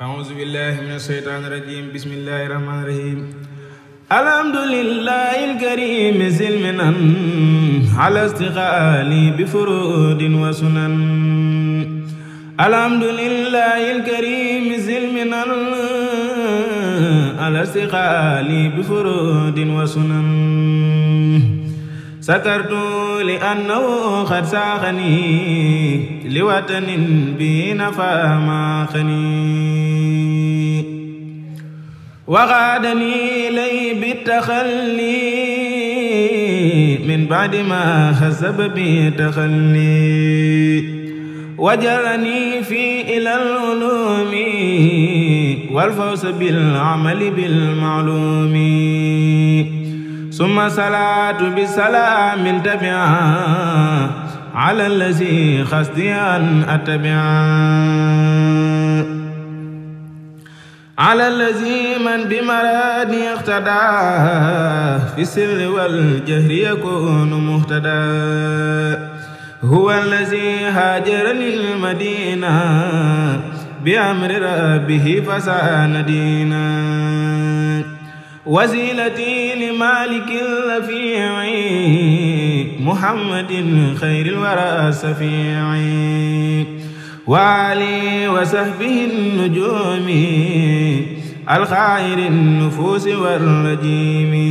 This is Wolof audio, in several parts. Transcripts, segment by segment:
أعوذ بالله من الشيطان الرجيم بسم الله الرحمن الرحيم الحمد لله الكريم سلمنا على استقالي بفروض وسنن الحمد لله الكريم سلمنا على استقالي بفروض وسنن sakartu li annahu xat saaxani li watanin bi nafa maaxani waxaadani lay bi taxalli min baadi ma xasaba bi taxalli wajalani fi ilal ulumi wal fawsa bil amali bil maalumi summa salaatu bi salaamin tabia ala lazi xasdiyan atabia ala lazi man bi maradi iqtada fi sirri wal jahri yakunu muhtada huwa lazi haajarani lmadina bi amri rabbihi fasaana diina wasilati li maliki lafii muhammadin xayril wara safii wa ali wa sahbihi nujumi alxayri nufuusi warrajimi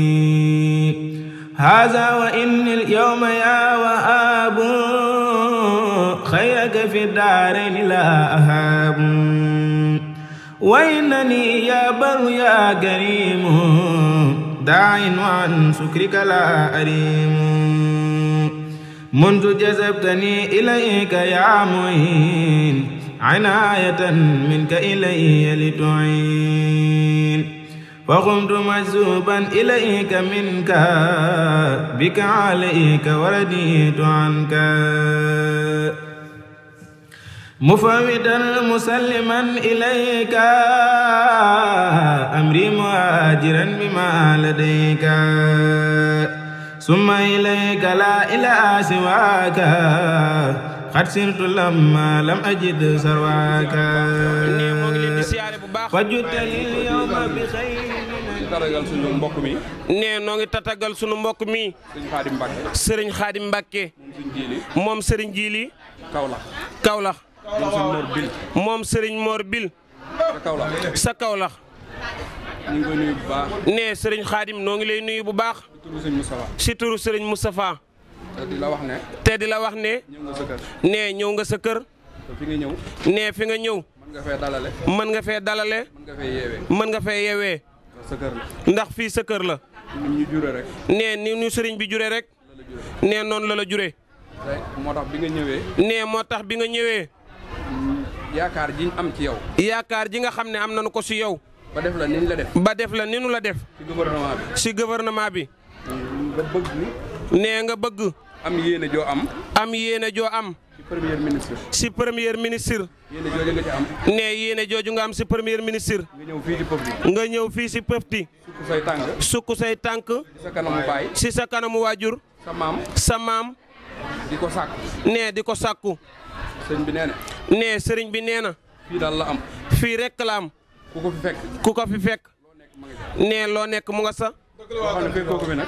haza wa inni lyowma ya wa abu xayraka fi daarayni la ahaabu وينني يا بر يا كريم داع عن سكرك لا أريم منذ جذبتني إليك يا معين عناية منك إلي لتعين فقمت مجذوبا إليك منك بك عليك ورديت عنك مفودا مسلما إليك أمري مهاجرا بما لديك ثم إليك لا إله سواك xat sirtu lamma lam ajid sarwaaka tatagal suñu mbokk mi nee noo ngi tatagal suñu mbokk mi sëriñ xaadim mbàkke moom sëriñ jiili kawlax kawlax moom Serigne Mor Bil. sa Kawlax ñu ngi koy nuyu bu baax. nee Serigne Khadim noo ngi lay nuyu bu baax. si turu Serigne Moustapha. te di la wax ne. te di la wax ne. ñëw nga sa kër. nee ñëw nga fi nga ñëw. nee fi nga ñëw. mën nga fee dalale. nga fee mën nga fee yeewee. mën nga fee ndax fii sa kër la. ni rek. nee ni ñu bi jure rek. nee noonu la la jure. moo nee moo tax bi nga ñëwee. yaakaar ji am ci yow. yaakaar ji nga xam ne am nañu ko si yow. ba def la ni la def. ba def la ni ñu la def. si gouvernement bi. si gouvernement bi. nga nee nga bëgg. am yéene joo am. am yéene joo am. si premier ministre. si premier ministre. yéene jooju nga nee yéene jooju nga am si premier ministre. nga ñëw fii si pëfti. nga ñëw fii si pëfti. sukk say tànk. sukk say tànk. si sa kanamu baay. si sa kanamu waajur. sa maam. sa maam. di ko sàkku. nee di ko sàkku. sëriñ bi nee na. nee sëriñ bi nee na. fii daal la am. fii rek la am. ku ko fi fekk. ku ko fi nee loo nekk mu nga sa.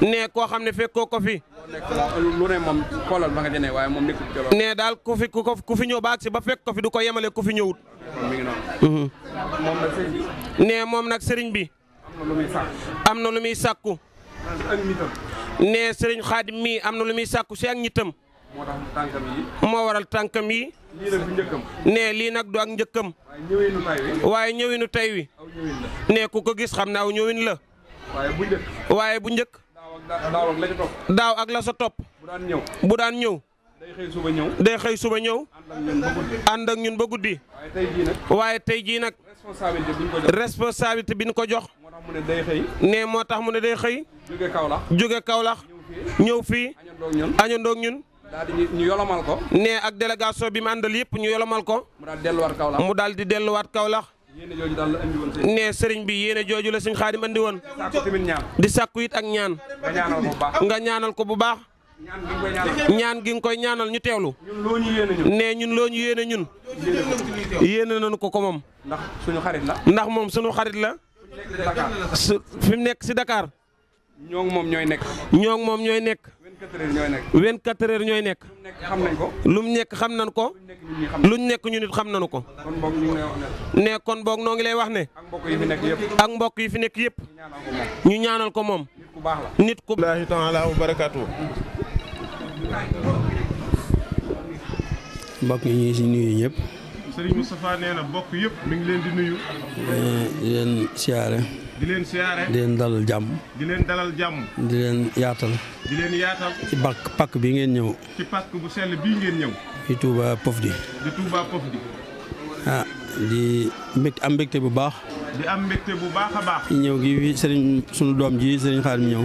nee koo xam ne fekkoo ko fi. lu ne moom xoolal ba nga waaye moom nee daal ku fi ku ko ku si ba fekk ko fi du ko yemale ku fi ñëwut. Mhm. moom nee moom nag sëriñ bi. am na lu muy sàkku. nee sëriñ Xaadim mii am na lu muy sàkku si ak ñittam moo tax tànkam moo waral tànkam yi. lii nag du nee lii nag du ak njëkkam. waaye ñëwinu tay wi. wi. nee ku ko gis xam ne aw ñëwin la. waaye bu njëkk. waaye bu njëkk. daaw ak la daaw ak la sa topp. bu daan ñëw. bu daan ñëw. day xëy suba ñëw. day xëy suba ñëw. ànd ak ñun ba guddi. waaye tey jii nag. waaye tey bi ñu ko jox. moo tax mu ne day xëy. nee moo tax mu ne day xëy. jóge Kaolack. jóge Kaolack. ñëw fii. añandoog ñun. daal di ñu yolomal ko. nee ak délégation bi mu àndal yëpp ñu yolomal ko. mu daal di delluwaat Kaolack mu daal delluwaat Kaolack. nee sëriñ bi yéene jooju la suñ xaadim andi woon. di sàkku ak ñaan. nga ñaanal ko bu baax. ñaan gi koy ñaanal ñu teewlu. nee ñun loo ñu yéene ñun. yéene nañu ko ko moom. ndax suñu xarit la. ndax moom suñu xarit la. fi mu nekk si Dakar. ñoo moom ñooy nekk. ñoo moom ñooy nekk. 24 heures ñooy nekk. lu mu nekk xam nañ ko. lu mu nekk ñu nit xam nañu ko. nee kon boog noo ngi lay wax ne. ak mbokk yi fi nekk yëpp. ñu ñaanal ko moom. nit ku baax la. taala wa barakaatu. mbokk yi ñu ngi si nuyu ñëpp. Serigne Moustapha nee na mbokk yëpp mi leen di nuyu. Eh, di siyaare. di leen siyaare di leen dalal jàmm. di leen dalal jàmm. di leen yaatal. ci pàkk pàkk bi ngeen ñëw. ci pàkk bu sell bii ngeen di Touba Pofdy. di Touba ah, am mbégte bu baax. di am mbégte bu baax baax. ci ñëw gii fi sëriñ sunu doom ji sëriñ Xaadim ñëw.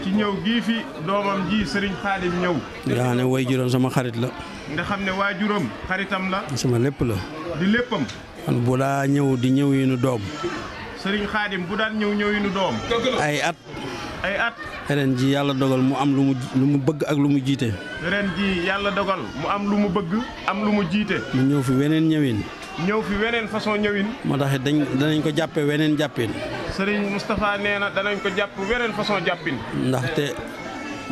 ci ñëw gii fi doomam ji sëriñ Xaadim ñëw. nga xam ne juróom sama xarit la. nga ne waa juróom xaritam la. sama lépp la. di léppam. man bu laa ñëw di ñëw yi nu doom. sëriñ xaadim bu daan ñëw ñëwinu doom. ay at. ay at. ren ji yàlla dogal mu am lu mu lu mu bëgg ak lu mu jiite. ren ji yàlla dogal mu am lu mu bëgg am lu mu jiite. mu ñëw fi weneen ñëwin. ñëw fi weneen façon ñëwin. moo tax dañ danañ ko jàppee weneen jàppin. sëriñ Moustapha nee na danañ ko jàpp weneen façon jàppin. ndaxte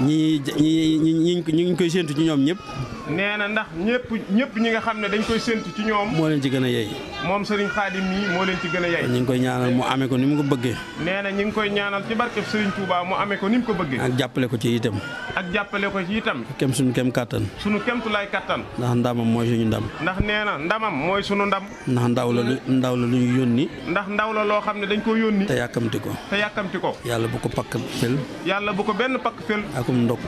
ñi ñi ñi ñi ñu ngi koy séentu ci ñoom ñëpp. nee na ndax ñëpp ñëpp ñi nga xam ne dañ koy séntu ci ñoom. moo leen ci gën a yey. moom sëriñ Xaadim mii moo leen ci gën a yey. ñu ngi koy ñaanal mu amee ko ni mu ko bëggee. nee na ñu ngi koy ñaanal ci barkeb sëriñ Touba mu amee ko ni mu ko bëggee. ak jàppale ko ci itam. ak jàppale ko ci itam. kem suñu kem kattan. suñu kemtulaay kattan. ndax ndamam mooy suñu ndam. ndax nee na ndamam mooy suñu ndam. ndax ndaw la lu ndaw la lu ñu yónni. ndax ndaw la loo xam ne dañ ko yónni. te yàkkamti ko. te yàkkamti ko. yàlla bu ko pakk fel. yàlla bu ko benn pakk fel. akum ndok.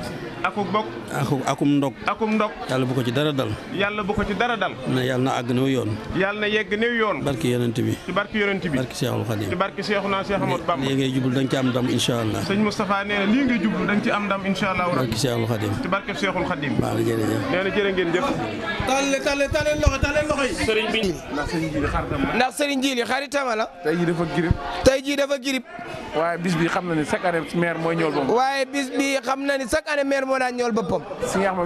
akuk bokk. akuk akum ndok. akum ndok. yàlla bu ko ci dara dal yàlla bu ko ci dara dal na yàlla na àgg new yoon yàlla na yegg new yoon barki yonent bi ci barki yonent bi barki Seexul Xadim ci barki Seexuna da nga ci am ndam insha allah sëñ Moustapha nee na lii ngay jublu loxo yi dafa girib tey ji dafa girib waaye bis bi xam na ni chaque année maire mooy ñool boppam waaye bis bi xam na ni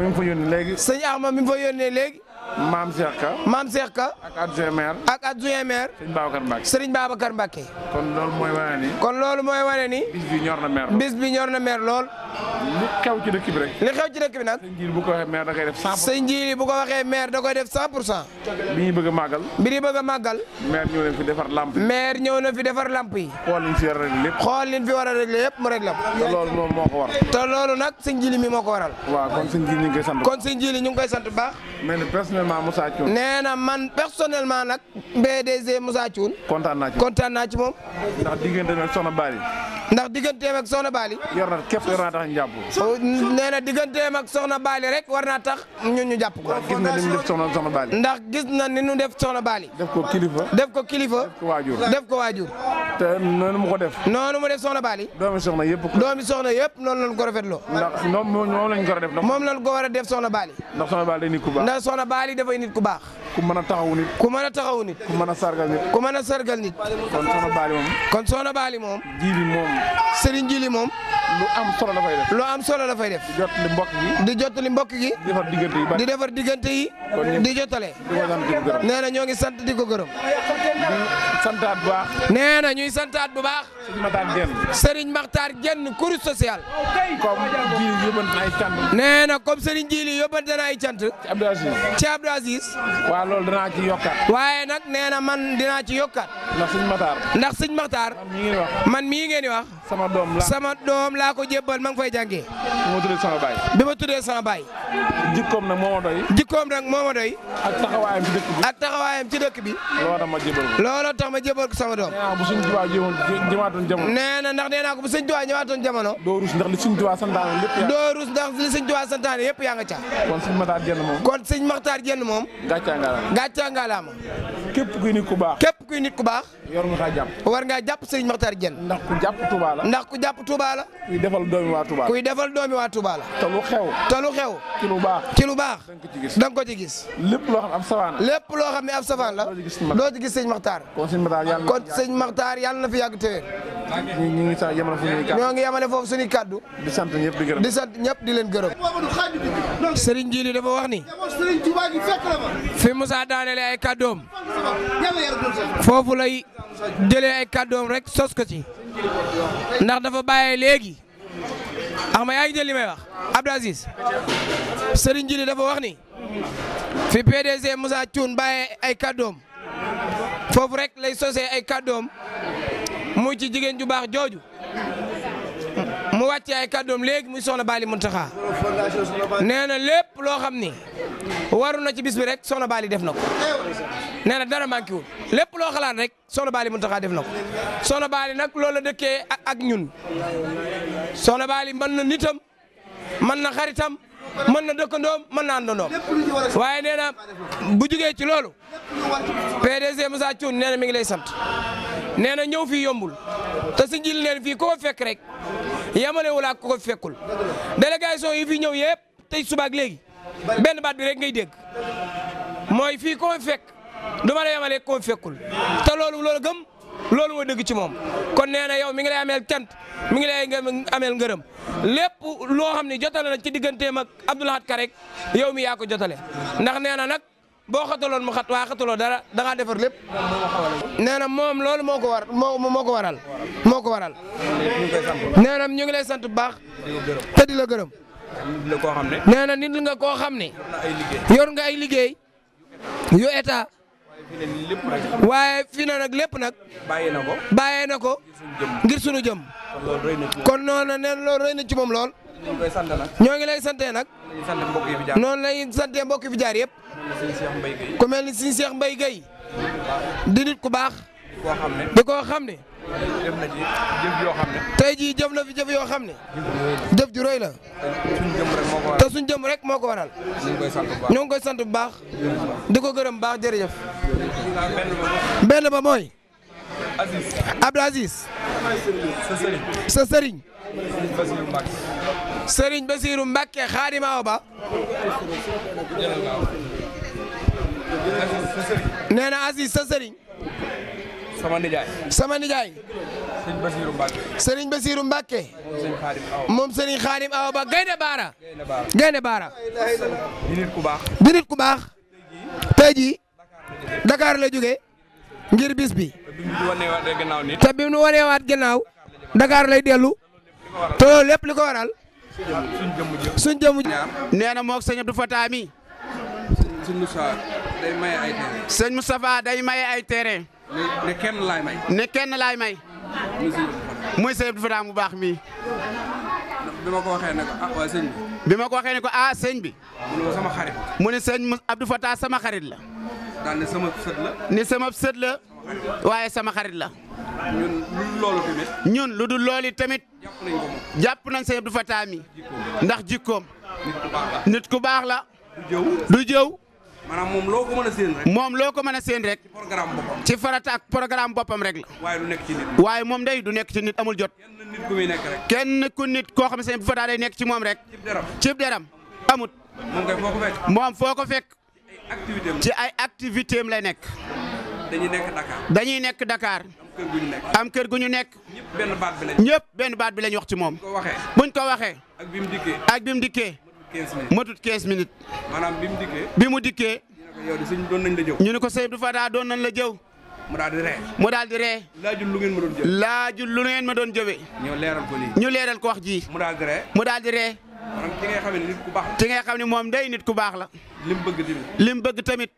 ñool ne léegi sëñ Axma mi mu fa yónnee léegi maam Cheikh Ka. maam Cheikh Ka. ak adjoint maire. ak adjoint maire. Serigne Babacar Mbacke. Serigne kon loolu mooy wane ni. kon loolu mooy wane ni. bis ñor na maire bis na maire lool. li xew ci dëkk bi rek. li xew ci dëkk bi nag. sëñ Ndiir bu ko waxee da koy def 100 pour cent. sëñ Ndiir bu ko waxee maire da koy def 100 pour cent. bi ñuy bëgg a màggal. bi ñuy a màggal. maire fi defar lamp yi. maire ñëw na fi defar lamp yi. xool fi war a régler lépp. a régler mu régler ko. te loolu moom moo ko mi moo waral. waaw kon sëñ Ndiir ñu koy sant. kon personnellement Moussa Thioune. nee na man personnellement nag BDG Moussa Thioune. kontaan naa ci kontaan naa ci moom. ndax digganteem ak Soxna Bali. ndax digganteem ak Soxna baali yor na képp yor naa tax ñu oh, nee na digganteem ak Soxna Bali rek war naa tax ñun ñu jàpp ko. ndax gis na ni mu def Soxna Soxna Bali. ndax gis na ni ñu def Soxna Bali. def ko kilifa def ko kilifa. def def ko waajur. te noonu mu ko def. noonu mu def soxna Bali. doomi soxna yëpp. doomi soxna yëpp noonu lañ ko rafetloo. ndax moom moom lañ ko war a def. moom lañ ko war a def soxna Bali. ndax soxna Bali day nit ku baax. ndax soxna Bali dafay nit ku baax. ku mën a taxaw nit. ku mën a taxaw nit. ku mën a sargal nit. ku mën a sargal nit. kon soxna Bali moom. kon soxna Bali moom. jiili moom. Serigne Jiili moom. lu am solo la fay def. lu am solo la fay def. di jottali mbokk gi. di jottali mbokk gi. di defar diggante yi di defar diggante yi. di jottale. di ko sant di ko gërëm. nee na ñoo ngi sant di ko gërëm. di santaat bu baax. nee na ñu ñuy santaat bu baax. Serigne Makhtar Diène. Serigne Makhtar Diène kuréel social. comme jiili yóbbante na ay cant. nee na comme Serigne jiili yóbbante na ay cant. ci Abdou Aziz. ci Abdou Aziz. waa loolu danaa ci yokkaat. waaye nag nee na man dinaa ci yokkaat. ndax Serigne Makhtar. ndax Serigne Makhtar. man mii ngeen wax. man mii ngeen wax. sama doom laa sama doom laa ko jébbal ma ngi fay jàngee. bi ma tuddee sama baay. bi ma tuddee sama baay. jikkoom nag moo ma doy. jikkoom nag moo ma doy. ak taxawaayam ci dëkk ci dëkk bi. looloo ma jébbal sama doom. Tuubaa ñëwaatoon jamono nee na ndax nee naa ko bu sëñ Tuubaa ñëwaatoon ndax li sëñ Tuubaa santaane lépp doo ca kon sëñ Maxtaar Jenn moom kon sëñ Maxtaar Jenn moom gàccaa ngaalaama gàccaa ngaalaama képp kuy nit ku baax képp kuy nit ku baax yor nga kaa jàpp war ngaa jàpp sëñ Maxtaar Jenn ndax ku jàpp Tuubaa la ndax ku jàpp Tuubaa la kuy defal doomi waa Tuubaa kuy defal doomi waa Tuubaa la te lu xew te lu xew lu baax ci baax da nga ko ci gis lépp loo xam ne ab safaan la loo xam ne ab safaan la doo ci gis sëñ Maxtaar kon sëñ Maxtaar yàlla na fi yàgg ngi yemale foofu suñuy kàddu ñoo ngi foofu suñuy kàddu. di sant ñëpp di gërëm di sant leen gërëm. Serigne Djily dafa wax ni. fi Moussa daanele ay kàddoom. foofu lay jële ay kàddoom rek sos ko ci. ndax dafa bàyyee léegi. axma yaa ngi jël li may wax Abdou Aziz Serigne Djily dafa wax ni. fi PDG Moussa Thioune bàyyee ay kàddoom. foofu rek lay sosee ay kàddoom muy ci jigéen ju baax jooju mu wàccee ay kàddoom léegi muy soxna Baali Muntaxa nee na lépp loo xam ni waru na ci bis bi rek soxna Baali def na ko nee na dara manqué wul lépp loo xalaat rek soxna Baali Muntaxa def na ko soxna Baali nag loolu la dëkkee ak ñun soxna Baali mën na nitam mën na xaritam mën na dëkkandoom mën na àndandoom waaye nee na bu jugee ci loolu PDG Moussa Thioune nee na mi ngi lay sant nee na ñëw fii yombul te si njil neen fii ko fekk rek yamale wala ko ko fekkul délégation yi fi ñëw yëpp tey subaak léegi benn baat bi rek ngay dégg mooy fii ko fekk du ma la yamale ko fekkul te loolu loolu gëm loolu mooy dëgg ci moom kon nee na yow mi ngi lay ameel cant mi ngi lay ameel ngërëm lépp loo xam ne jotale na ci digganteem ak Abdou Lahad Ka rek yow mi yaa ko jotale ndax nee na nag boo xataloon mu xat waa xataloo dara da defar lépp nee na moom loolu moo ko war moo ko waral moo ko waral nee na ñu ngi lay sant bu baax te la gërëm nee na nit nga koo xam ne yor nga ay liggéey yu état waaye fii na nag lépp nag. bàyyee na ko bàyyee na ko. ngir sunu jëm. kon noonu neen loolu rëy na ci moom lool. ñoo ngi lay sante nag. noon lay sante mbokk fi jaar yëpp. ku mel ni si Cheikh Mbaye Gueye di ku baax. koo xam di koo xam ne. jëf na jëf jii jëf na fi jëf yoo xam ne. jëf ju la. te suñ jëm rek moo ko waral. ñoo ngi koy sant bu baax. di ko gërëm baax jërëjëf. benn ba mooy. Abdou Aziz. sa sëriñ. sëriñ Basiiru Mbàkke xaadimaaw ba. nee na Aziz sa sëriñ. sama nijaay. sama nijaay. Serigne Bassirou Mbacke. Serigne moom Serigne Khadim Awa Ba Gaynde Baara. Gaynde Baara. di nit ku baax. di nit ku baax. la jógee. ngir bis bi. te bi mu waneewaat gannaaw. lay dellu. te loolu ko waral. suñ jëmm ñaar. moog sëñ Abdou Fatah mi. day maye ay terrain. ne kenn laay may. ne kenn laay may. muy sëñ Abdou Fatah mu baax mii. bi ma ko waxee ne ko ah waa bi. ma ko waxee ko ah sëñ bi. mu ne sama xarit. mu ne sama xarit la. daal ne sama sët la. waaye sama xarit la. ñun lu dul looli tamit. jàpp nañ ko moom. jàpp nañ mi. ndax jikkoom. nit ku baax la. du du jëw. maanaam moom loo ko mën a séen rek. mën a séen rek. ci programme boppam. ci farata ak boppam rek waaye du nekk ci nit. waaye moom day du nekk ci amul jot. kenn nit ku kenn ku nit koo xam ne bu fa daa day nekk ci moom rek. cib deram cib deram amut. moom kay foo ko fekk. ci ay activité am lay nekk. dañuy nekk Dakar. nekk Dakar. am kër gu ñu nekk. ñëpp benn baat bi lañ. ñëpp benn baat bi lañ wax ci moom. buñ ko waxee. ak bi mu dikkee. ak bi mu matut 15 minutes. maanaam bi mu dikkee. bi mu dikkee. ñu ne ko sëñ du da ah doon nañ la jëw. mu daal di ree. mu daal di ree. laajul lu ngeen ma doon jëwee. laajul lu ngeen ma doon jëwee. ñu leeral ko lii. ñu leeral ko wax ji. mu daal di ree. mu daal di xam ne ku baax la. ci xam ne moom day nit ku baax la. lim bëgg tamit. lim bëgg tamit.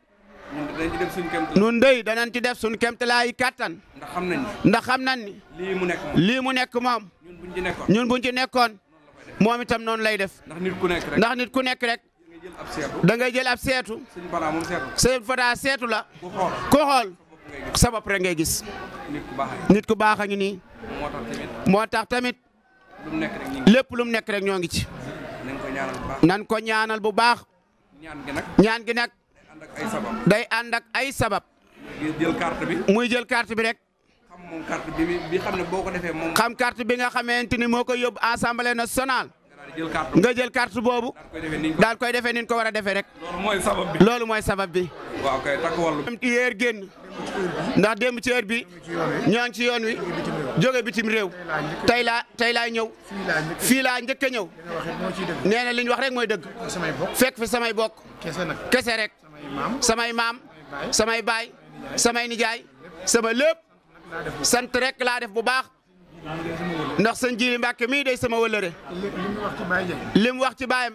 ñun day danañ ci def suñu kéemtalaay kàttan. lay xam nañ ni. ndax xam nañ ni. lii mu nekk moom. ñun buñ ci nekkoon. moom itam noonu lay def. ndax nit ku nekk rek ndax nit ku nekk rek. da ngay jël ab seetu. sëñ Fada seetu la. ku xool sa bopp rek ngay gis. nit ku baax a ngi nii. moo tax tamit. lépp lu nekk rek ñoo ngi ci. nan ko ñaanal bu baax. ñaan gi nag. day ànd ak ay sabab. muy jël carte bi rek. moom carte bi boo ko defee moom. xam carte bi nga xamante ni moo koy yóbbu assemblée nationale. nga jël carte boobu. daal koy defee ni ko war a defee rek. loolu mooy sabab bi loolu mooy sabab bi. waaw kay ci heure génn ndax démb ci heure bi ñoo ngi ci yoon wi jóge bitim réew tey laa tey laa ñëw fii laa njëkk a ñëw nee li ñu wax rek mooy dëgg fekk fi samay bokk kese rek samay maam samay baay samay nijaay sama lépp. sant rek laa def bu baax ndax sëñ Jili Mbàkke mii day sama wëllëre lim wax ci baayam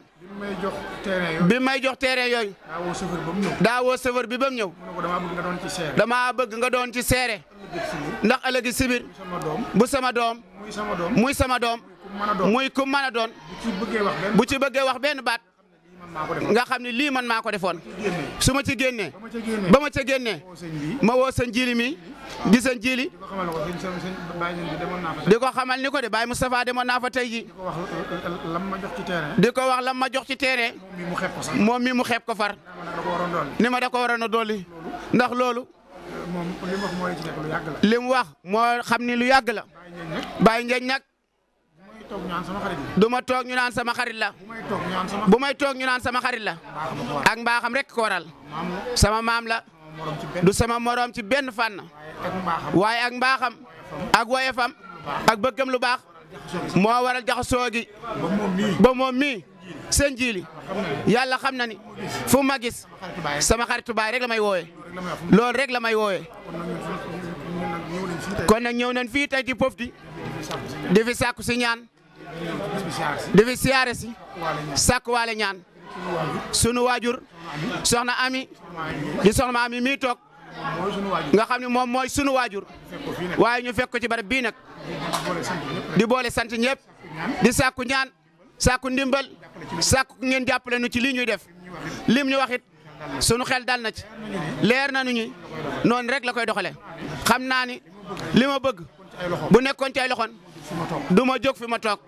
bi may jox terrain yooyu daawoo sëfër bi ba mu ñëw damaa bëgg nga doon ci seere ndax ëllëgi sibir bu sama doom muy sama doom muy kum mën a doon bu ci bëggee wax benn baat nga xam ne lii man maa ko defoon su ma ci génnee ba ma ca génnee ma woo sëñ Jili mi di sëñ Jili di ko xamal ni ko de Baye Moustapha demoon naa fa tey ji di ko wax lam ma jox ci terrain ko wax lam ma jox ci terrain moom mi mu xeeb ko far ni ma da ko waroon a dolli ndax loolu li wax moo xam ni lu yàgg la Baye Ngeñ nag du ma toog ñu naan sama xarit la bu may toog ñu naan sama xarit la ak mbaaxam rek ko waral sama maam la du sama moroom ci benn fànn waaye ak mbaaxam ak woyefam ak bëggam lu baax moo waral jaxasoo gi ba moom mii seen jiili yàlla xam na ni fu ma gis sama xaritu baay rek la may wooyee lool rek la may wooyee kon nag ñëw nañ fii tey ci Pofdy di fi si ñaan di siyaare si sàkkuwaale ñaan sunu waajur soxna ami di soxna ami mii toog nga xam ne moom mooy sunu waajur waaye ñu fekk ci bara bii nag di boole sant ñëpp di sàkku ñaan sàkku ndimbal sàkku ngeen jàppale nu ci lii ñuy def lim ñu waxit sunu xel dal na ci leer na nu ñi noonu rek la koy doxale xam naa ni li ma bëgg bu nekkoon ci ay du ma jóg fi ma toog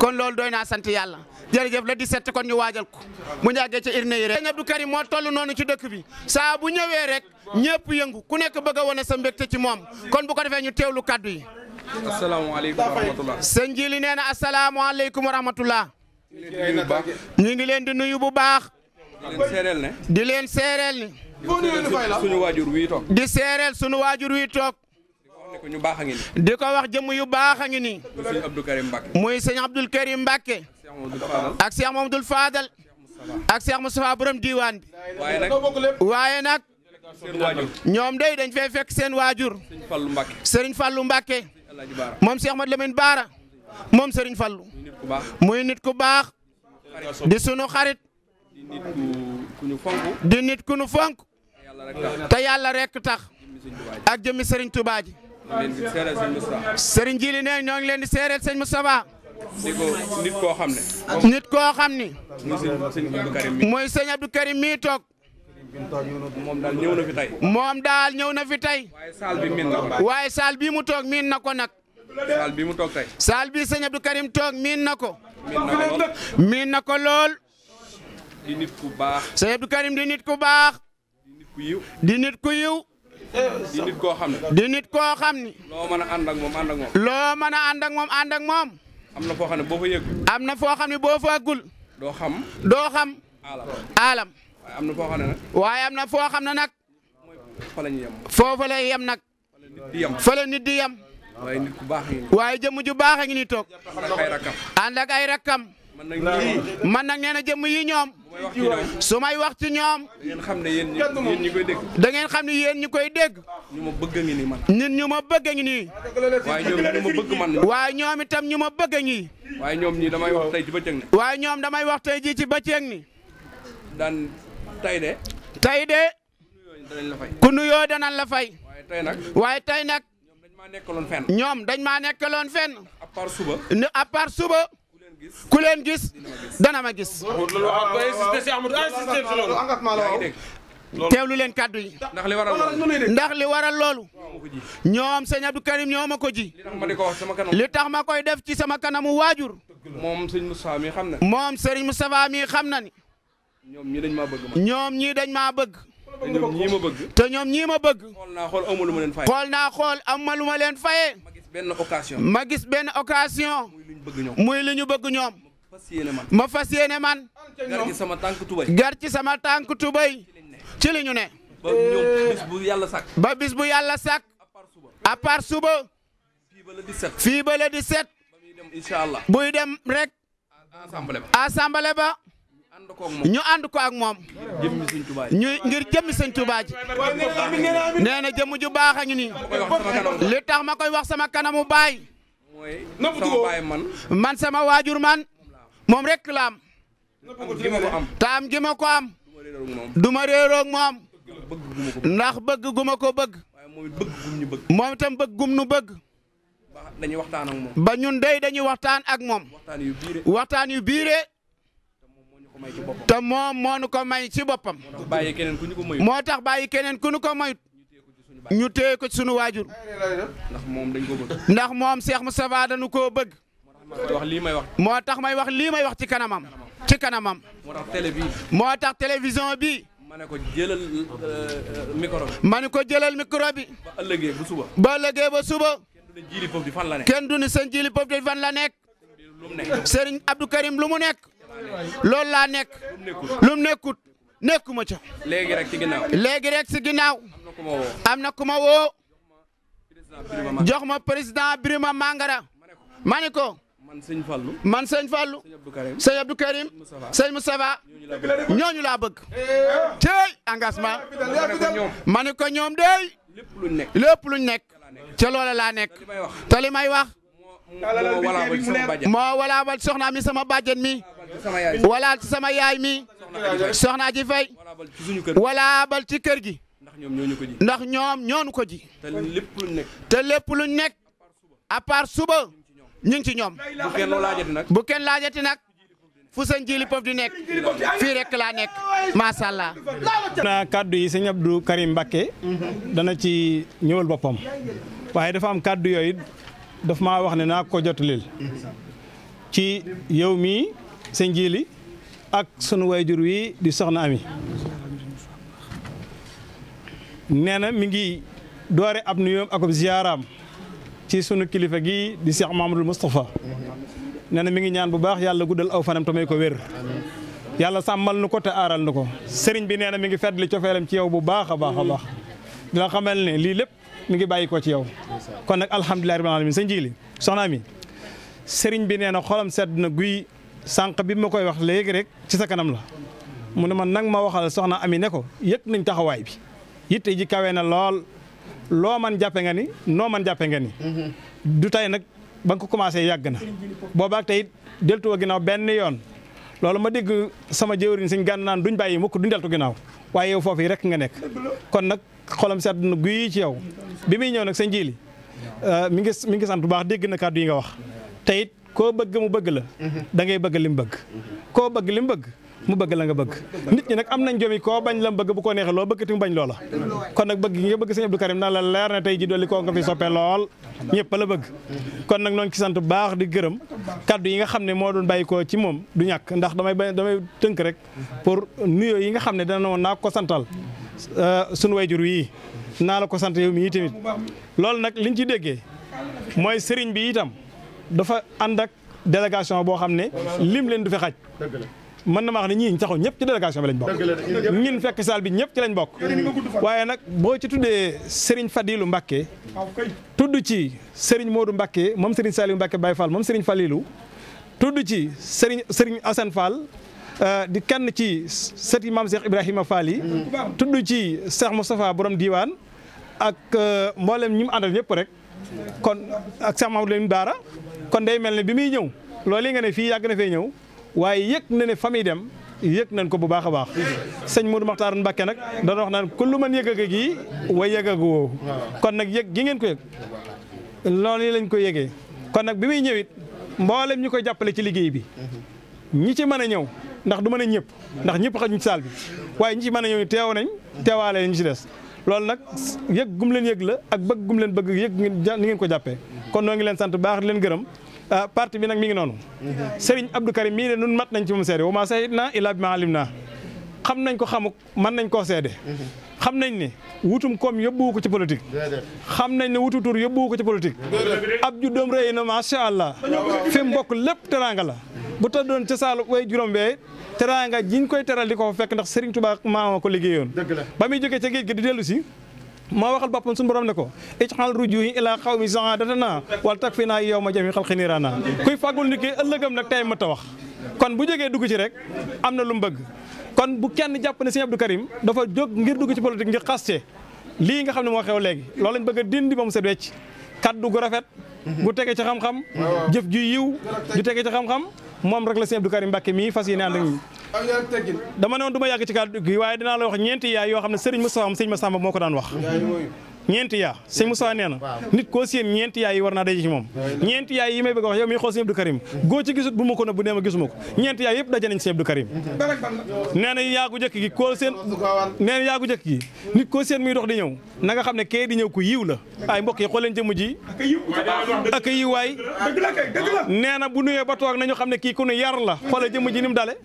kon loolu doy naa sant yàlla jërëjëf la di 17 kon ñu waajal ko mu ñàggee ci urne yi rek sëñ Abdou Karim moo toll noonu ci dëkk bi saa bu ñëwee rek ñëpp yëngu ku nekk bëgg a wone sa mbégte ci moom kon bu ko defee ñu teewlu kaddu yi. asalaamaaleykum wa rahmatulah. sëñ ji li nee na asalaamaaleykum wa rahmatulah. ñu ngi leen di nuyu bu baax. di leen seereel di leen seereel ni. di seereel suñu waajur wii toog. di seereel suñu waajur wii toog. di ko wax jëmm yu baax a ngi nii. muy sëñ Abdul Karim Mbacke. ak Cheikh Mamadou Fadal. ak Cheikh Moustapha borom diwaan bi. waaye nag. ñoom day dañ fee fekk seen waajur. Serigne Fallou Mbacke. moom Cheikh Mad Lamine Baara. moom Serigne Fallou. muy nit ku baax. di sunu xarit. di nit ku nu fonk. te yàlla rek tax. ak jëmmi Serigne Touba sëriñ Jili nee ñoo leen di seereel sëñ Moustapha. di ko koo xam ne. nit koo xam ni. muy sëñ Abdou Karim mii toog. moom daal ñëw na fi tey. moom ñëw na fi tey. waaye saal bi miin na ko. bii mu toog mii na ko nag. saal bii mu toog tey. saal bii sëñ Abdou Karim toog miin na ko. miin na ko lool. di nit ku baax. sëñ Abdou Karim di nit ku baax. di nit ku yiw. di nit ku yiw. di nit koo xam ne. di nit koo xam ne. loo mën a ak moom ànd ak moom. loo mën a ànd ak moom ànd ak moom. am na foo xam ne boo fa yëgul. am na foo xam ne boo fa doo xam. doo xam. aalam aalam. waaye am na foo xam ne nag. waaye am na foo xam ne nag. fa la ñuy yem. foofa lay yem nag. fa la nit di yem. fa la nit di yem. waaye nit ku baax a ngi. waaye jëmm ju baax a ngi ni toog. ànd ay rakkam. man nag nee na jëmm yi ñoom. su may wax ci ñoom. da xam ne yéen ñi koy dégg. da ngeen xam ne yéen ñi koy dégg. ñu ma bëgg ngi nii man. ñu ma bëgg ngi nii. ñu ma bëgg man. waaye itam ñu ma bëgg ngi. waaye ñoom ñii damay wax tey ci bëccëg ni. waaye ñoom damay wax tey jii ci bëccëg ni. daan tey de. tey de. ku nuyoo danañ la fay. waaye tey nag. waaye tey nag. ñoom dañ maa nekkaloon fen ñoom dañ maa nekkaloon fenn. à part suba. à part suba. ku leen gis dana ma gis. lu leen kadduy yi. ndax li waral loolu. ndax li waral loolu. ñoom sëñ Abdou Karim ñoo ma ko ji. li tax ma koy def ci sama kanamu waajur. moom sëñ Moustapha mi xam na. moom sëriñ Moustapha mi xam na ni. ñoom ñii dañ maa bëgg ma. ñoom ñii dañ maa bëgg. te ñoom ñii ma bëgg. te ñoom ma bëgg. xool naa xool amuma lu leen fayee. benn occasion ma gis benn occasion. muy li ñu bëgg ñoom muy li ñu bëgg ñoom. ma fas yéene man. gar ci sama tànk tubay. gar ci sama tànk tubay. ci li ñu ne. ba bu yàlla sàkk. ba bis bu yàlla sàkk. à part suba. fii ba le 17. fii ba le 17. buy dem rek. assemblée ba. ba. ñu ànd ko ak moom ñu ngir jëmmi sëñ Tuubaa ji nee na jëmm baax a ngi nii li tax ma koy wax sama kanamu baay man sama waajur man moom rek la taam gi ma ko am du ma réeroog moom ndax bëgg gu ko bëgg moom itam bëgg gum nu bëgg ba ñun dey dañuy waxtaan ak moom waxtaan yu biire te moom moo nu ko may ci boppam. moo tax bàyyi keneen ku ñu ko mayut moo tax bàyyi keneen ku ñu ko mayut ko ci sunu waajur. ndax moom dañ ko bëgg. ndax moom Cheikh Moustapha dañu koo bëgg. moo tax may wax lii wax ci kanamam. ci kanamam. moo tax télé bi. moo tax télévision bi. ma ne ko jëlal euh, euh, micro bi. ma ne ko jëlal micro bi. ba ëllëgee ba suba. ba ëllëgee ba suba. kenn du ne di fan la nekk. kenn du ne seen jiili la nekk. loolu laa nekk lu mu nekkut nekkuma ca. léegi rek ci ginaaw léegi rek si ginnaaw am na ku ma woo jox ma président Birima Mangara ma ne ko man sëñ Fallou man sëñ Fallou sëñ Abdou Karim sëñ Moustapha ñooñu laa bëgg tey eh, eh. engagement ma ne ko ñoom dey lépp luñ nekk ca loola laa nekk te li may wax moo walaabal soxna mi sama bàjjen wala ci sama yaay mi soxna ji fay wala bal ci kër gi ndax ñoom ñoonu ko ji te lépp luñ nekk à part suba ñu ngi ci ñoom bu kenn laajati nag fu sa njiili pof di nekk fii rek laa nekk macha allah. na kàddu yi sëñ Abdou Karim Mbacké dana ci ñëwal boppam waaye dafa am kàddu yooyu daf maa wax ne naa ko jotalil ci yow sëñ Jili ak sunu waajur wi di soxna Ami nee na mi ngi doore ab nuyoom ak ziyaaraam ci sunu kilifa gii di Cheikh Mamadou Moustapha nee na mi ngi ñaan bu baax yàlla guddal aw fanam tamay ko wér yàlla sàmmal nu ko te aaral nu ko sëriñ bi nee na mi ngi fedd li cofeelam ci yow bu baax a baax a baax dina xamal ne lii lépp mi ngi bàyyi ko ci yow kon nag alhamdulilah rabbil alamin sëriñ bi nee na sedd na guy sànq bi ma koy wax léegi rek ci sa kanam la mu ne man nag ma waxal soxna Ami ne ko yëg nañ taxawaay bi yitte ji kawe na lool loo man jàppe nga ni noo man jàppe nga ni du tey nag ba nga ko commencé yàgg na boobaag tey deltu wa ginnaaw benn yoon loolu ma dégg sama jëwriñ suñ gànn naan duñ bàyyi mukk du deltu ginnaaw waaye yow foofu yi rek nga nekk kon nag xolam sedd na guy ci yow bi muy ñëw nag sa njiili euh, mi ngi mi ngi sant bu baax dégg na kàddu yi nga wax koo bëgg mu bëgg la da ngay bëgg li mu bëgg koo bëgg li mu bëgg mu bëgg la nga bëgg nit ñi nag am nañ jomi koo bañ la mu bëgg bu ko neexee loo bëgg ti mu bañ kon nag bëgg gi nga bëgg sëñ Abdou Karim naa la koo nga fi soppe lool ñëpp la bëgg kon nag noonu ci sant bu baax di gërëm kaddu yi nga xam ne moo doon bàyyi ci moom du ñàkk ndax damay damay tënk rek pour nuyoo yi nga xam ne dana woon naa ko santal euh, sunu wayjur yi naa la ko sant yow mii tamit loolu nag liñ ci déggee mooy sëriñ bi itam dafa ànd ak délégation boo xam ne lim leen du fexaj mën na ma wax ne ñii taxaw ñëpp ci délégation bi lañ bokk ñin fekk saal bi ñëpp ci lañ bokk waaye nag boo ci tuddee Serigne Fadilu Mbacke tudd ci Serigne moodu Mbacke moom Serigne Saliou Mbacke Baye Fall moom Serigne Falilou tudd ci Serigne Serigne Assane Fall euh, di kenn ci sëti maam Cheikh Ibrahima Fall tudd ci Cheikh Moustapha borom diiwaan ak euh, mboolem ñi mu àndal rek kon ak Cheikh Mamadou Lamine Bara kon day mel ne bi muy ñëw lool yi nga ne fii yàgg na fee ñëw waaye yëg na ne fa dem yëg nañ ko bu baax a baax sëñ Modou Makhtar Mbacké nag dana wax naan kullu man yëg a gii way yëg a kon nag yëg gi ngeen ko yëg loolu yi lañ ko yëgee kon nag bi muy ñëwit mboolem ñu koy jàppale ci liggéey bi ñi ci mën a ñëw ndax du ma ne ñëpp ndax ñëpp xajuñ ci saal bi waaye ñi ci mën a ñëw teew nañ teewaale ñu ci des loolu nag yëg gum leen yëg la ak bëgg gum leen bëgg yëg ngeen ni ngeen ko jàppee kon noo ngi leen sant baax leen gërëm ah, parti bi nag mi ngi noonu Serigne Abdou Karim mii de nun mat nañ ci moom seede wa maa sayit naa illaa bi maa alim naa xam nañ ko xamuk mën nañ koo seede xam nañ ni wutum koom yóbbuwu ko ci politique xam nañ ne wutu tur yóbbuwu ko ci politique ab juddoom rëy na macha allah fi mu bokk lépp teraanga la bu tëddoon doon saalu way juróom bee teraanga jiñ koy teral di ko fa fekk ndax Serigne Touba maama ko liggéeyoon ba muy jógee ca géej gi di dellu si moo waxal boppam suñu borom ne ko ijxal rujuhi ila xawmi saadatana wal tak fi naa yow ma jami xalqi niirana kuy fàggul nit ki ëllëgam nag tey ma ta wax kon bu jógee dugg ci rek am na lu mu bëgg kon bu kenn jàpp ne Serigne Abdou Karim dafa jóg ngir dugg ci politique ngir xaste lii nga xam ne moo xew léegi loolu lañ bëgg a dindi ba mu set wecc kaddu gu rafet gu tege ci xam jëf ju yiw ju tege ci xam moom rek la sëñ Abdou Karim Mbacke mii fas yéene ànd ak ñun dama ne woon du ma gi waaye dinaa la wax ñeenti yaay yoo xam ne sëriñ Moustapha sëriñ Massamba moo ko daan wax ñeenti yaa sëñ Moussa nee na nit koo seen ñeenti yaa yi war naa daje ci moom ñeenti yaa yi may bëgg a wax yow miy xool sëñ Abdou Karim goo ci gisut bu ma ne bu nee ma gisuma ko ñeenti yaa yëpp daje nañ sëñ Abdou Karim nee na yaa gu jëkk gi koo seen nee yaa gu jëkk gi nit koo seen muy dox di ñëw nanga xam ne kee di ñëw ko yiw la ay mbokk yi xool leen jëmm ji ak yiw waay nee na bu nuyee ba toog nañu xam ne kii ku ne yar la xoolal jëmm ji ni mu dale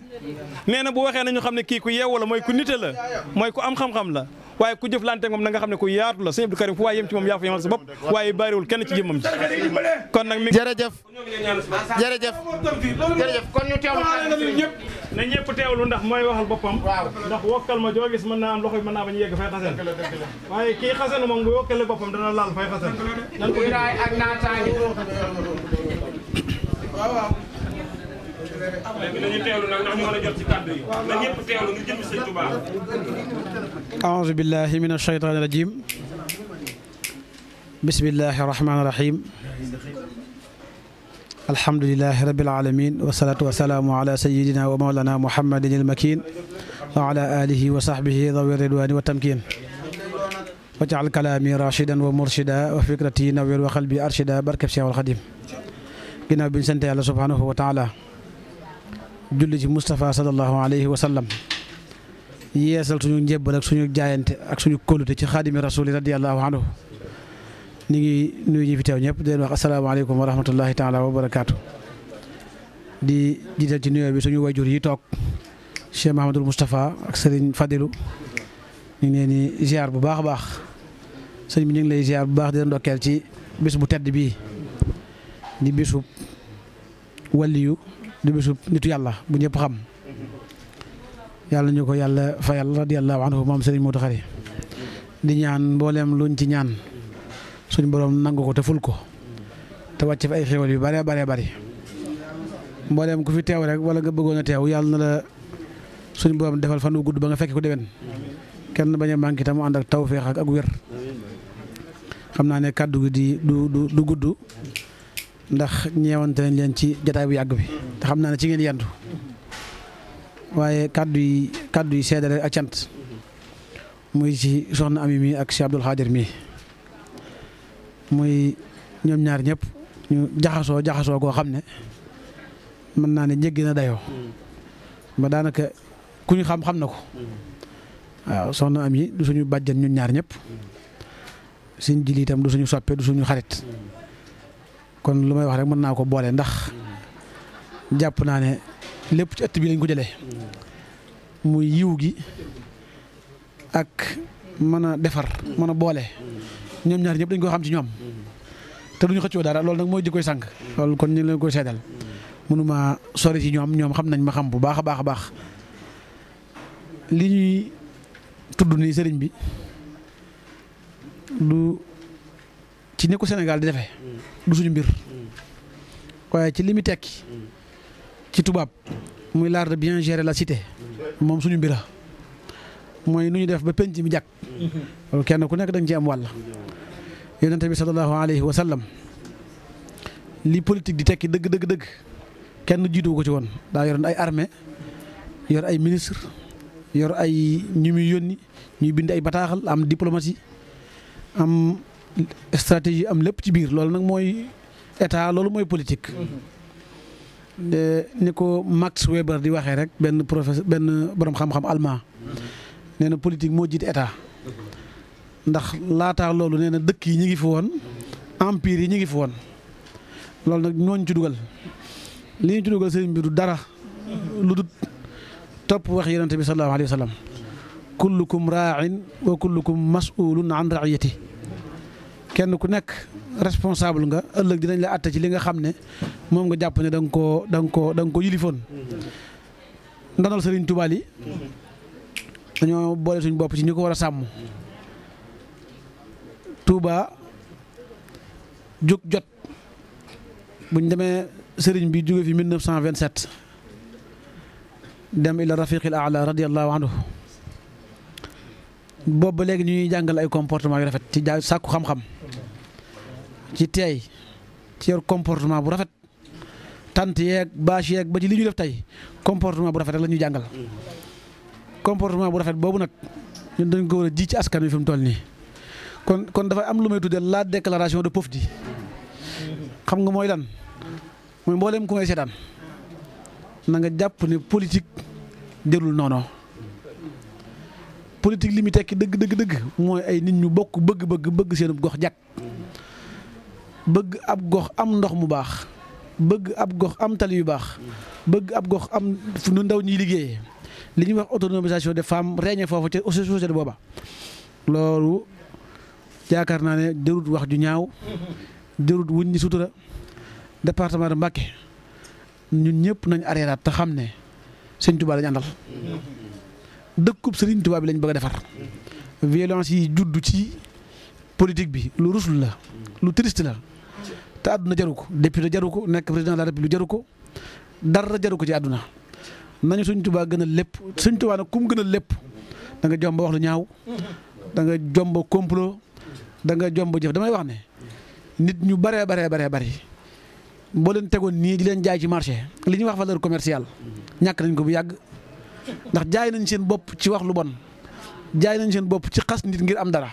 nee na bu waxee nañu xam ne kii ku yeewu la mooy ku nite la mooy ku am xam la waaye ku jëflante moom nanga xam ne ku yaatu la sëñ Abdou Karim fu waaye yem ci moom yaa fa yemal sa bopp waaye bariwul kenn ci jëmmam ci kon nag mi jërëjëf jërëjëf jërëjëf kon ñu teewlu ndax mooy waxal boppam ndax wokkal ma joo gis mën naa am loxo bi mën naa bañ yegg fay xasen waaye kii xasen moom bu wokkale boppam dana laal fay xasen nan ko ak léegi nañu teewlu nag ndax ñu mën a jot ci kàddu yi na ñëpp teewlu ngir jëm sëñ Tuubaa aouzu billahi min ashaytaani rajim bismillahi rahmaani rahim alhamdulilahi rabil alamin wasalaatu wasalaamu ala sayidina wa mawlana muhammadin almakin wa ala alihi wa sahbihi dawi ridwani wa tamkin wajal kalaami rachidan wa murshida wa fikrati nawir wa qalbi arshida barkeb Cheikh al Xadim ginnaaw bi ñu sant yàlla subhanahu wa taala julli ci Moustapha sallallahu alayhi wa sallam yeesal suñu njébbal ak suñu jaayante ak suñu kóolute ci xaadimi rasuli radiallahu anhu ñu ngi nuyu ñi fi teew ñëpp di leen wax asalaamaaleykum wa rahmatullahi taala wa barakaatu. di jiital ci nuyoo bi suñu wayjur yi toog Cheikh Mahamadul Moustapha ak Serigne Fadilu ñu ngi leen bu baax a baax sëñ bi ñu ngi lay ziar bu baax di ndokkeel ci bis bu tedd bii di bisu waliyu di bisu nitu yàlla bu ñëpp xam yàlla ñu ko yàlla fayal radiyallahu anhu maam Serigne Modou Khari di ñaan mbooleem luñ ci ñaan suñ borom nangu ko te ful ko te wàcc fi ay xéwal yu bëree bëree bëri mbooleem ku fi teew rek wala nga bëggoon a teew yàlla na la suñ borom defal fan wu gudd ba nga fekk ko déwén kenn bañ a manqué itam ak tawféex ak wér xam naa ne kàddu gi di du du du gudd. ndax ñeewante leen ci jataay bu yàgg bi te xam naa ne ci ngeen yendu waaye kàddu yi kàddu yi seedale ak cant muy ci soxna ami mi ak si Abdul Xaadir mi muy ñoom ñaar ñëpp ñu jaxasoo jaxasoo koo xam ne mën naa ne jéggi na dayoo ba daanaka ku xam xam na ko waaw soxna am yi du suñu bàjjan ñun ñaar ñëpp suñ jili itam du suñu soppe du suñu xarit kon lu may wax rek mën naa ko boole ndax jàpp naa ne lépp ci ëtt bi lañ ko jëlee muy yiw gi ak mën a defar mën a boole ñoom ñaar ñëpp dañ ko xam ci ñoom te duñu xëccoo dara loolu nag mooy jikkoy sànq loolu kon ñu leen koy seedal mënuma sori ci ñoom ñoom xam nañ ma xam bu baax a baax a baax li ñuy tudd nii sëriñ bi lu ci ni ko Sénégal di defe du suñu mbir waaye ci li mu tekki ci tubaab muy l'art de bien gérer la cité moom suñu mbir mooy nu ñu def ba penc mi jàkk kenn ku nekk da nga ci am wàll yonente bi sallallahu alayhi wa li politique di tekki dëgg dëgg dëgg kenn jiitu ko ci woon daa yoroon ay armée yor ay ministre yor ay ñu muy yónni ñuy bind ay bataaxal am diplomatie am stratégie am lépp ci biir loolu nag mooy état loolu mooy politique. ni ko Max Weber di waxee rek benn professeur benn borom xam-xam allemand nee na moo jiit état ndax laataa loolu nee na dëkk yi ñu ngi fi woon empire yi ñu ngi fi woon loolu nag ñooñ ci dugal li ñu ci dugal bi du dara lu dut topp wax yonente bi sallallahu alayhi wa sallam kullukum raa'in wa kullukum mas'ulun an ra'iyati kenn ku nekk responsable nga ëllëg dinañ la àtte ci li nga xam ne moom nga jàpp ne danga nga koo da koo da ko yilifoon ndanal sëriñ Tuubaa yi dañoo boole suñ bopp ci ñu ko war a sàmm Tuubaa jóg jot buñ demee sëriñ bi jóge fi 1927 dem ila rafiqil aala radiallahu anhu boobu ba léegi ñuy jàngal ay comportement yu rafet ci jaay sàkku xam-xam ci teey ci yor comportement bu rafet tant yeeg bâche yeeg ba ci li ñu def tey comportement bu rafet rek la jàngal comportement bu rafet boobu nag ñun dañ ko war a ji ci askan wi fi mu toll nii kon kon dafa am lu may tuddee la déclaration de Pofdy xam nga mooy lan mooy mbooleem ku ngay seetaan na nga jàpp ne politique jërul noono politique li muy tekki dëgg dëgg dëgg mooy ay nit ñu bokk bëgg-bëgg bëgg seen gox jàkk bëgg ab gox am ndox mu baax bëgg ab gox am tali yu baax bëgg ab gox am fu nu ndaw ñuy liggéeye li ñuy wax autonomisation des femmes règne foofu ca société booba loolu yaakaar naa ne jërut wax ju ñaaw jërut wuñ ñi sutura département de Mbacké ñun ñëpp nañ areeraat te xam ne sëñ Tuubaa lañ àndal dëkkub sëriñ Tuubaa lañ bëgg a defar violence yi judd ci politique bi lu rusul la lu triste la te àdduna jaru ko la jaru ko nekk président de la lu jaru ko dara jaru ko ci àdduna nañu suñ tubaa gën a lépp suñ tubaa nag ku gën a lépp danga jomb jomba wax lu ñaaw da nga jomba complot da nga jomba jëf damay wax ne nit ñu baree baree baree bari boo leen tegoon nii di leen jaay ci marché li ñuy wax valeur commercial ñàkk nañ ko bu yàgg ndax jaay nañ seen bopp ci wax lu bon jaay nañ seen bopp ci xas nit ngir am dara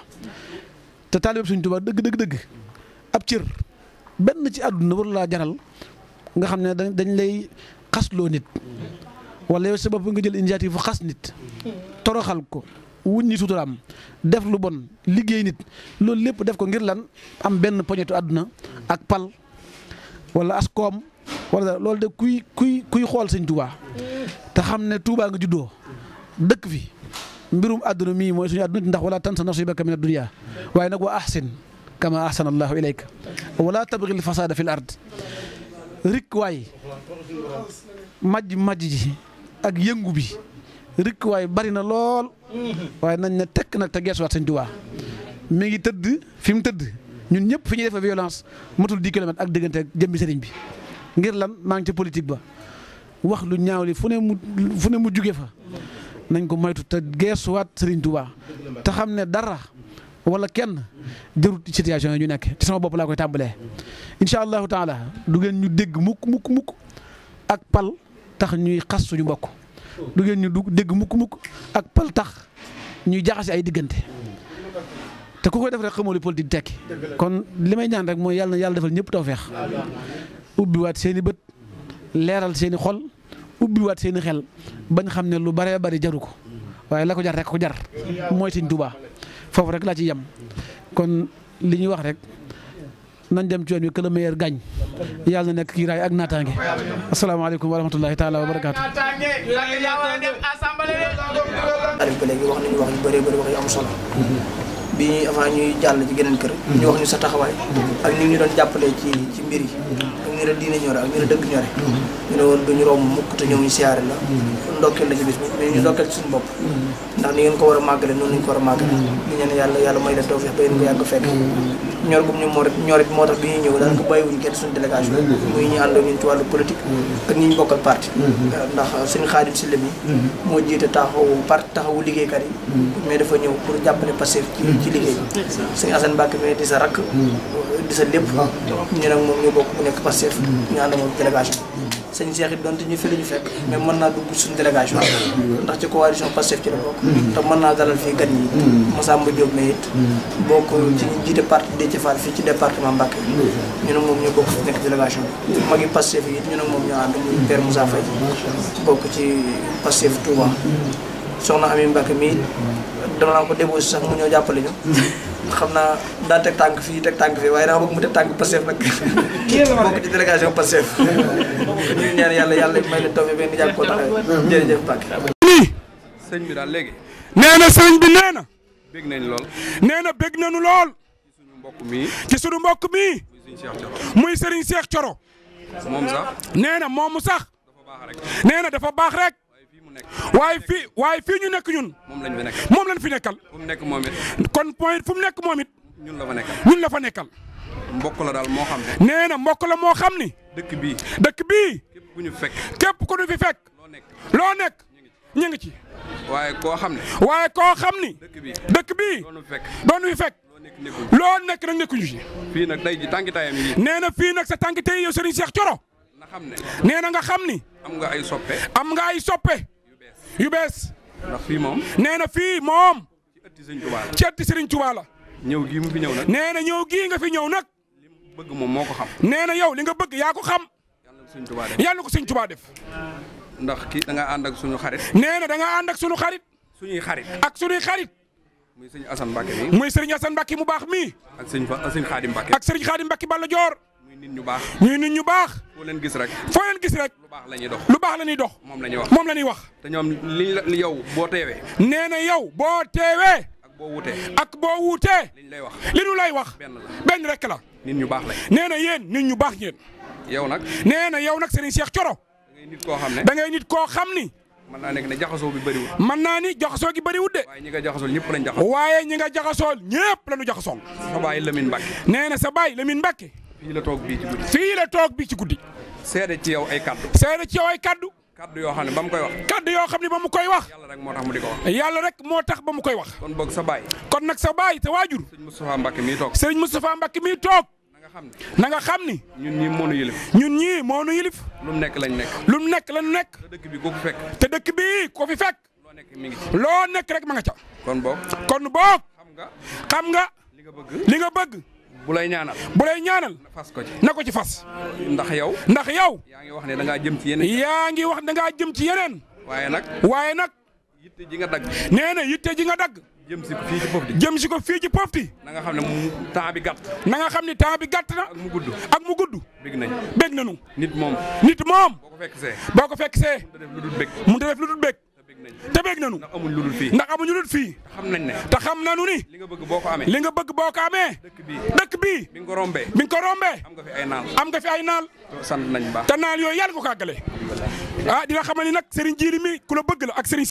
te taalibe Sëriñ Tuubaa dëgg dëgg benn ci àdduna war laa jaral nga xam ne dañ lay xasloo nit wala yow sa bopp nga jël initiative fu xas nit toroxal ko wuññi suturaam def lu bon liggéey nit loolu lépp def ko ngir lan am benn poñetu àdduna ak pal wala as koom wala loolu de kuy kuy kuy xool sëñ Tuubaa te xam ne Tuubaa nga juddoo dëkk fi mbirum àdduna mii mooy suñu àdduna ndax wala tansa nasibaka mina dunya waaye nag wa ahsin kama ahsana allahu ilayka wala tabghi al fasada fil ard rik waay majj majj ji ak yëngu bi rik waay bari na lool waaye nañ ne tekk nag te geesuwaat Sëñ Tuubaa mi ngi tëdd fi mu tëdd ñun ñëpp fi ñuy defee violence matul 10 kilomètres ak diggante ak jëmmi sëriñ bi ngir lan maa ngi ci politique ba wax lu ñaaw li fu ne mu fu ne mu juge fa nañ ko moytu te geesuwaat Sëriñ Tuubaa te xam ne dara wala kenn jërut situation yi ñu nekk ci sama bopp laa koy tàmbalee. incha allahu taala du ngeen ñu dégg mukk mukk mukk ak pal tax ñuy xas suñu mbokk du ngeen ñu dégg mukk mukk ak pal tax ñuy jaxase ay diggante. te ku koy def rek xamoo li politique tekki kon li may ñaan rek mooy yàlla yàlla defal ñëpp tawfeex ubbiwaat seen i bët leeral seen i xol ubbiwaat seen i xel bañ xam ne lu baree bari jaru ko waaye la ko jar rek ko jar mooy Sëñ Tuubaa foofu rek laa ci yem kon li ñuy wax rek nañ dem ci yoon wi que le yàlla na nekk kii ak naataange asalaamaaleykum wa rahmatulahi taala wa barakaatu. Aliou ba léegi wax nañu wax yu bëree bëri wax yu am solo. bi ñuy avant ñuy jàll ci geneen kër. ñu wax ñu sa ak ñu ñu doon jàppale ci ci mbir yi. ñu ne diine ñore ak ñu ne dëgg ñore ñu ne woon duñu romb mukk te ñëw ñu ci ci suñu bopp ko a moo tax bi ñuy ñëw daanaka bàyyiwuñu kenn suñu délégation muy ñu àndoo ñun ci wàllu politique ak ñu ah. ñu bokk mu nekk Pastef Pastef ñu ànd moom délégation sëñ Cheikh it donte ñu fi la ñu fekk mais mën naa dugg suñu délégation ndax ci coalition Pastef ci la bokk te mën naa dalal fii gan yi Massamba Diop mais it bokk ci ñu jiite parti de ci Fall fii ci département Mbacké ñu ne moom ñu bokk nekk délégation bi magi Pastef yi it ñu ne moom ñu ànd muy Père Moussa Faye bokk ci Pastef Touba soxna Amy Mbacké mii dama naa ko débauché sax mu ñëw jàppale ñu xam naa daa teg tànk fii teg tànk fii waaye dama bëgg mu teg tànk Pastef nag bokk ci délégation Pastef ñuy yàlla yàlla may leen tawfeex benn jàpp koo taxawee jërëjëf Mbacke nii bi daal léegi nee na sëñ bi nee na bég nañ lool nee na bég nañu lool ci suñu mbokk mi ci suñu mbokk mi muy seriñ Cheikh Thioro moom na moomu sax nee na dafa baax rek waaye fii waaye fii ñu nekk ñun. moom lañ fi nekkal moom lañ fi nekkal. fu nekk moom kon point fu mu nekk moomit ñun la fa nekkal ñun la fa nekkal. mbokk la daal moo xam ne. nee na mbokk la moo xam ni. dëkk bii dëkk bii. képp ku ñu fekk. képp ku ñu fi fekk. loo nekk ñu ngi ci. waaye koo xam ne. waaye koo xam ni. dëkk bii dëkk bii. doonu fekk doonu fi fekk. loo nekk nag nekkuñu ci. fii nag tey ji tànki tayam yi. nee na fii nag sa tànki tey yow Serigne Cheikh Thioro. na xam nee na nga xam ni. am nga ay soppe. am nga ay soppe. yu bees. ndax fii moom. nee na fii moom. ci ëtti Serigne Touba la. ci ëtti ñëw gii mu fi ñëw nag. nee na ñëw gii nga fi ñëw nag. li mu bëgg moom moo ko xam. nee na yow li nga bëgg yaa ko xam. yàlla ko Serigne Touba def. ndax kii da nga ànd ak suñu xarit. nee na da nga ànd ak suñu xarit. suñuy xarit. ak suñuy xarit. muy sëñ Assane Mbacke mi. muy sëñ Assane Mbacke mu baax mi ak sëñ Xaadim Mbacke. ak sëñ Xaadim Mbacke Balla Joor nit ñu baax ñuy nit ñu baax. foo leen gis rek. foo leen gis rek. lu baax la ñuy dox lu baax la ñuy dox. moom la ñuy wax moom la ñuy wax. te ñoom liñ la yow boo teewee. nee na yow boo teewee. ak boo wuutee. ak boo wuutee. liñ lay wax li ñu lay wax. benn la benn rek la. nit ñu baax la nee na yéen nit ñu baax ngeen. yow nag nee na yow nag Serigne Cheikh Thioro. da nit koo xam ne da ngay nit koo xam ni. mën naa nekk ne jaxasoo bi bëriwul. mën naa ni jaxasoo gi bëriwul de. waaye ñi nga jaxasool ñëpp lañ jaxasoo. waaye ñi nga jaxasool ñëpp lañu jaxasool. sa baay Lamine Mbacke. nee na sa baay Lamine Mbacke. fii la toog bii ci guddi. fii la toog bii ci guddi. seede ci yow ay kaddu. seede ci yow ay kaddu. kaddu yoo xam ne ba mu koy wax. kaddu yoo xam ne ba mu koy wax. yàlla rek moo tax mu di ko moo tax ba mu koy wax. kon boog sa baay. kon nag sa baay sa waajur. sëriñ Moustapha Mbacke miy toog. sëriñ Moustapha Mbacke miy toog. na nga xam ni. ñun ñii moo nu yilif. ñun ñi moo nu yilif. lu mu nekk lañ nekk. lu mu nekk lañ nekk. te dëkk bi ko fi fekk. te dëkk bi ko fi fekk. loo nekk mi ngi ci. rek ma nga ca. kon boog. kon boog. xam nga. xam nga. li nga bëgg. li nga bëgg. bu ñaanal bu ñaanal. fas ko ci na ko ci fas. ndax yow. ndax yow. yaa ngi wax ne da ngaa jëm ci yeneen. yaa ngi wax da ngaa jëm ci yeneen. waaye nag. waaye nag. yitte ji nga dagg. nee na yitte ji nga dagg. jëm si ko fii jëm si ko fii ci Pofdy. na nga xam ne temps bi gàtt. na nga xam ne temps bi gàtt na. ak mu gudd ak mu guddu bég nañ bég nañu. nit moom. nit moom. boo ko fekk see. boo ko fekk see. mënut a def lu dul bég. te bég nañu ndax amuñ lu dul fii ndax amuñ lu dul fii xam nañ ne te xam nañu ni li nga bëgg boo ko amee li nga bëgg boo ko amee dëkk bii bi nga ko rombee bi nga ko rombee am nga fi ay naal am naal sant nañ baax te naal yooyu yàlla nga ko àggale ah mi ku bëgg la ak Serigne